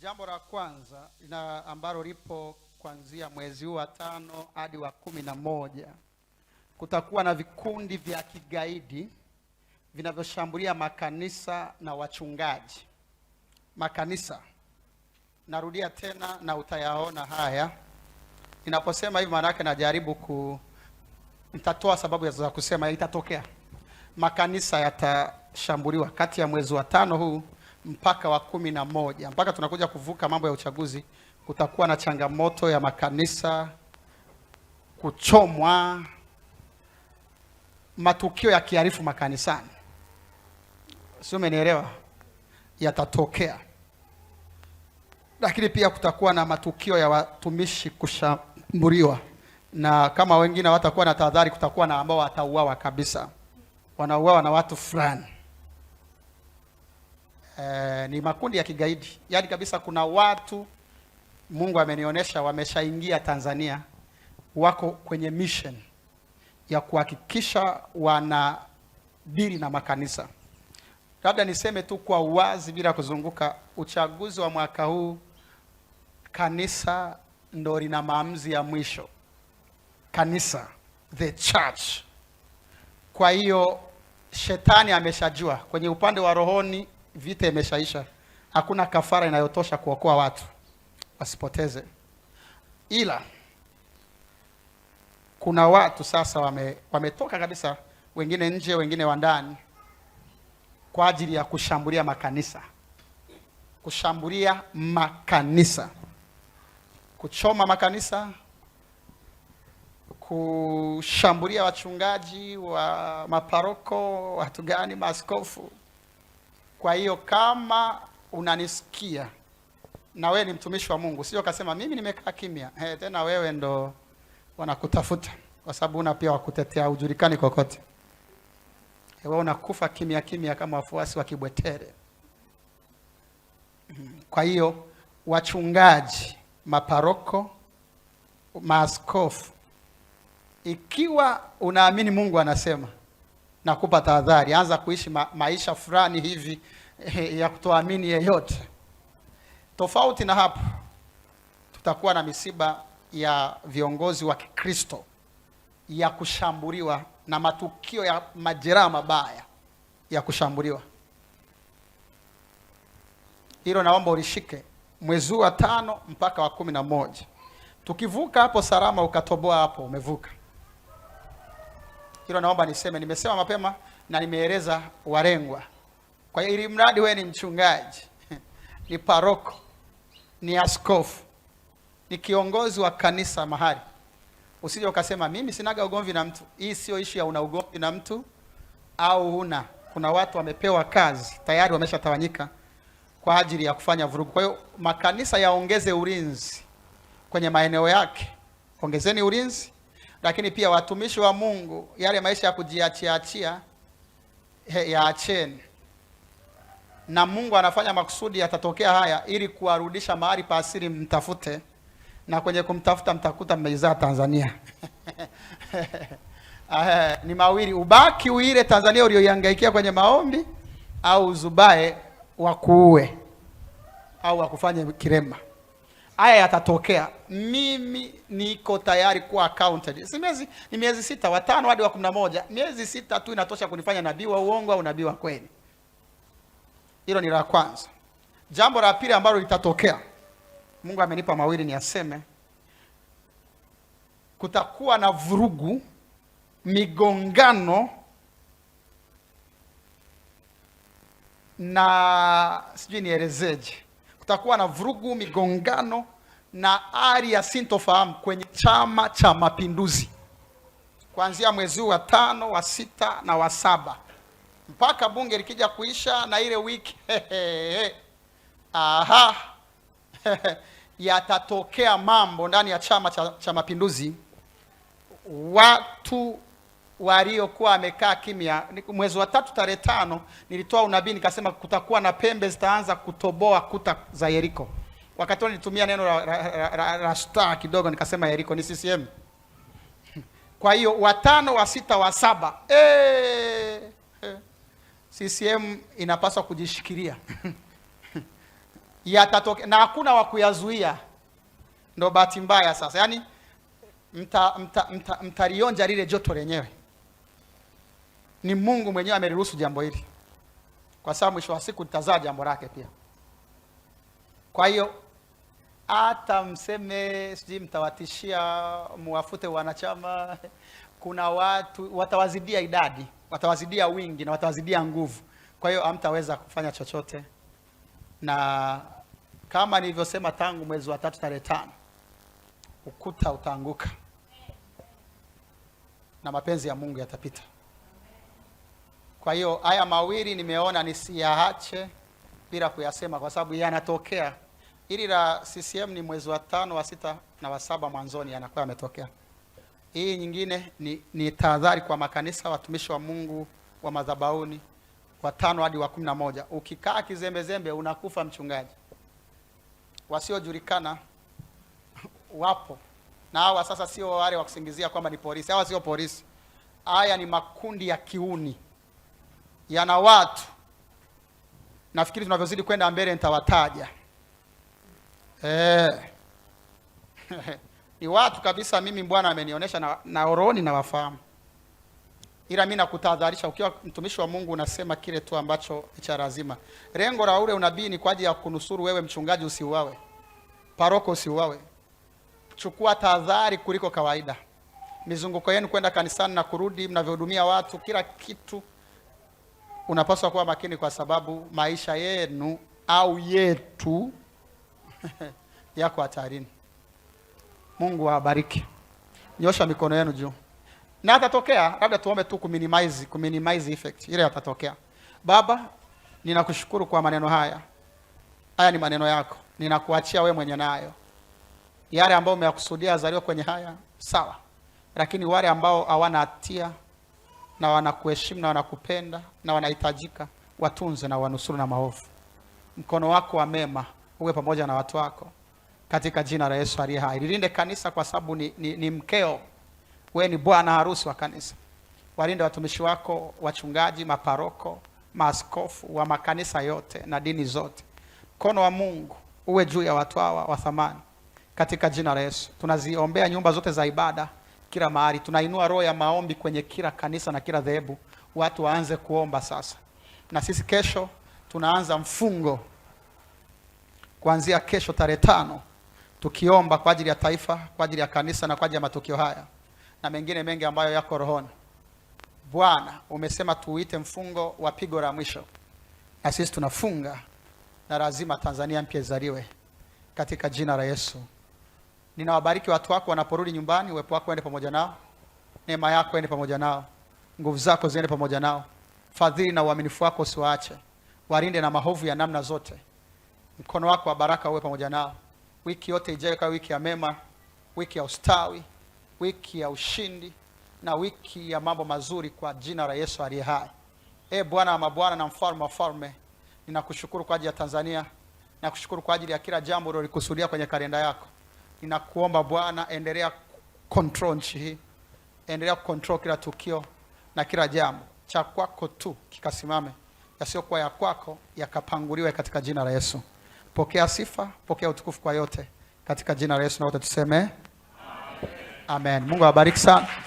Jambo la kwanza na ambalo lipo kuanzia mwezi huu wa tano hadi wa kumi na moja, kutakuwa na vikundi vya kigaidi vinavyoshambulia makanisa na wachungaji. Makanisa, narudia tena, na utayaona haya. Ninaposema hivi, maana yake najaribu ku, nitatoa sababu za kusema itatokea makanisa yatashambuliwa kati ya mwezi wa tano huu mpaka wa kumi na moja mpaka tunakuja kuvuka mambo ya uchaguzi, kutakuwa na changamoto ya makanisa kuchomwa, matukio ya kiharifu makanisani, sio, umenielewa, yatatokea. Lakini pia kutakuwa na matukio ya watumishi kushambuliwa, na kama wengine watakuwa na tahadhari, kutakuwa na ambao watauawa kabisa, wanauawa na watu fulani eh, ni makundi ya kigaidi. Yaani kabisa kuna watu Mungu amenionyesha wameshaingia Tanzania, wako kwenye mission ya kuhakikisha wana dili na makanisa. Labda niseme tu kwa uwazi bila kuzunguka, uchaguzi wa mwaka huu kanisa ndo lina maamuzi ya mwisho. Kanisa, the church. Kwa hiyo shetani ameshajua kwenye upande wa rohoni vita imeshaisha, hakuna kafara inayotosha kuokoa watu wasipoteze, ila kuna watu sasa wame, wametoka kabisa, wengine nje, wengine wa ndani, kwa ajili ya kushambulia makanisa, kushambulia makanisa, kuchoma makanisa, kushambulia wachungaji wa maparoko, watu gani, maaskofu kwa hiyo kama unanisikia na wewe ni mtumishi wa Mungu, sio kasema mimi nimekaa kimya eh, tena wewe ndo wanakutafuta kwa sababu una pia wakutetea, ujulikani kokote. Eh, wewe unakufa kimya kimya kama wafuasi wa kibwetere. Mm-hmm. Kwa hiyo wachungaji, maparoko, maaskofu, ikiwa unaamini Mungu anasema nakupa tahadhari, anza kuishi ma maisha fulani hivi eh, ya kutoamini yeyote. Tofauti na hapo, tutakuwa na misiba ya viongozi wa Kikristo ya kushambuliwa na matukio ya majeraha mabaya ya kushambuliwa. Hilo naomba ulishike mwezi wa tano mpaka wa kumi na moja. Tukivuka hapo salama, ukatoboa hapo, umevuka hilo naomba niseme, nimesema mapema na nimeeleza walengwa. Kwa hiyo ili mradi wewe ni mchungaji ni paroko ni askofu ni kiongozi wa kanisa mahali, usije ukasema mimi sinaga ugomvi na mtu. Hii sio ishu ya una ugomvi na mtu au una Kuna watu wamepewa kazi tayari, wameshatawanyika kwa ajili ya kufanya vurugu. Kwa hiyo makanisa yaongeze ulinzi kwenye maeneo yake, ongezeni ulinzi lakini pia watumishi wa Mungu, yale maisha ya kujiachiaachia yaacheni, na Mungu anafanya makusudi yatatokea haya ili kuwarudisha mahali pa asili, mtafute na kwenye kumtafuta mtakuta mmeizaa Tanzania. Ni mawili, ubaki uile Tanzania uliyoihangaikia kwenye maombi, au uzubae wakuue au wakufanye kirema haya yatatokea, mimi niko tayari kuwa accounted. Si miezi ni miezi sita, watano hadi wa kumi na moja. Miezi sita tu inatosha kunifanya nabii wa uongo au nabii wa kweli. Hilo ni la kwanza. Jambo la pili ambalo litatokea, Mungu amenipa mawili ni aseme kutakuwa na vurugu, migongano na sijui nielezeje kutakuwa na vurugu, migongano na ari ya sintofahamu kwenye Chama cha Mapinduzi kuanzia mwezi wa tano, wa sita na wa saba mpaka bunge likija kuisha na ile wiki aha yatatokea mambo ndani ya Chama cha Mapinduzi watu waliokuwa amekaa kimya. Mwezi wa tatu tarehe tano nilitoa unabii nikasema kutakuwa na pembe zitaanza kutoboa kuta za Yeriko. Wakati nilitumia neno la, la, la, la star kidogo nikasema Yeriko ni CCM. Kwa hiyo watano wa sita wa saba e, eh, e, eh, CCM inapaswa kujishikilia yatatoke na hakuna wa kuyazuia. Ndo bahati mbaya sasa, yaani mtarionja mta, mta, mta lile joto lenyewe ni Mungu mwenyewe ameliruhusu jambo hili, kwa sababu mwisho wa siku litazaa jambo lake pia. Kwa hiyo hata mseme sijui mtawatishia muwafute wanachama, kuna watu watawazidia idadi, watawazidia wingi na watawazidia nguvu. Kwa hiyo hamtaweza kufanya chochote, na kama nilivyosema tangu mwezi wa tatu tarehe tano, ukuta utaanguka na mapenzi ya Mungu yatapita. Kwa hiyo haya mawili nimeona nisiyaache bila kuyasema, kwa sababu yanatokea. Hili la CCM ni mwezi wa tano, wa sita na wa saba mwanzoni, yanakuwa yametokea. Hii nyingine ni, ni tahadhari kwa makanisa, watumishi wa Mungu wa madhabahuni wa tano hadi wa kumi na moja. Ukikaa kizembezembe unakufa mchungaji. Wasiojulikana wapo na hawa sasa, sio wale wa kusingizia kwamba ni polisi. Hawa sio polisi, haya ni makundi ya kiuni yana watu, nafikiri tunavyozidi kwenda mbele nitawataja eh. ni watu kabisa, mimi Bwana amenionyesha na, na oroni nawafahamu, ila mi nakutahadharisha, ukiwa mtumishi wa Mungu unasema kile tu ambacho cha lazima. Lengo la ule unabii ni kwa ajili ya kunusuru wewe, mchungaji, usiuawe, paroko usiuawe. Chukua tahadhari kuliko kawaida, mizunguko yenu kwenda kanisani na kurudi, mnavyohudumia watu, kila kitu unapaswa kuwa makini kwa sababu maisha yenu au yetu yako hatarini. Mungu awabariki. Nyosha mikono yenu juu, na atatokea labda tuombe tu kuminimize, kuminimize effect ile atatokea. Baba, ninakushukuru kwa maneno haya. Haya ni maneno yako, ninakuachia we mwenye nayo. Yale ambao umeyakusudia azaliwa kwenye haya sawa, lakini wale ambao hawana hatia na wanakuheshimu na wanakupenda na wanahitajika, watunze na wanusuru na maovu. Mkono wako wa mema uwe pamoja na watu wako katika jina la Yesu aliye hai. Lilinde kanisa kwa sababu ni, ni, ni mkeo, we ni bwana harusi wa kanisa. Walinde watumishi wako, wachungaji, maparoko, maaskofu wa makanisa yote na dini zote. Mkono wa Mungu uwe juu ya watu hawa wa thamani katika jina la Yesu. Tunaziombea nyumba zote za ibada kila mahali. Tunainua roho ya maombi kwenye kila kanisa na kila dhehebu, watu waanze kuomba sasa. Na sisi kesho tunaanza mfungo kuanzia kesho tarehe tano, tukiomba kwa ajili ya taifa, kwa ajili ya kanisa na kwa ajili ya matukio haya na mengine mengi ambayo yako rohoni. Bwana, umesema tuuite mfungo wa pigo la mwisho, na sisi tunafunga, na lazima Tanzania mpya izaliwe katika jina la Yesu. Ninawabariki watu wako wanaporudi nyumbani, uwepo wako uende pamoja nao, neema yako ende pamoja nao, nguvu zako ziende pamoja nao, fadhili na uaminifu wako usiwaache, walinde na mahovu ya namna zote. Mkono wako wa baraka uwe pamoja nao wiki yote ijayo, kawa wiki ya mema, wiki ya ustawi, wiki ya ushindi na wiki ya mambo mazuri, kwa jina la Yesu aliye hai. E Bwana wa mabwana na mfalme wa falme, ninakushukuru kwa ajili ya Tanzania, nakushukuru kwa ajili ya kila jambo ulilolikusudia kwenye kalenda yako. Ninakuomba Bwana, endelea control nchi hii, endelea control kila tukio na kila jambo, cha kwako tu kikasimame, yasiyokuwa ya kwako yakapanguliwe katika jina la Yesu. Pokea sifa, pokea utukufu kwa yote katika jina la Yesu, na wote tuseme amen. Mungu awabariki sana.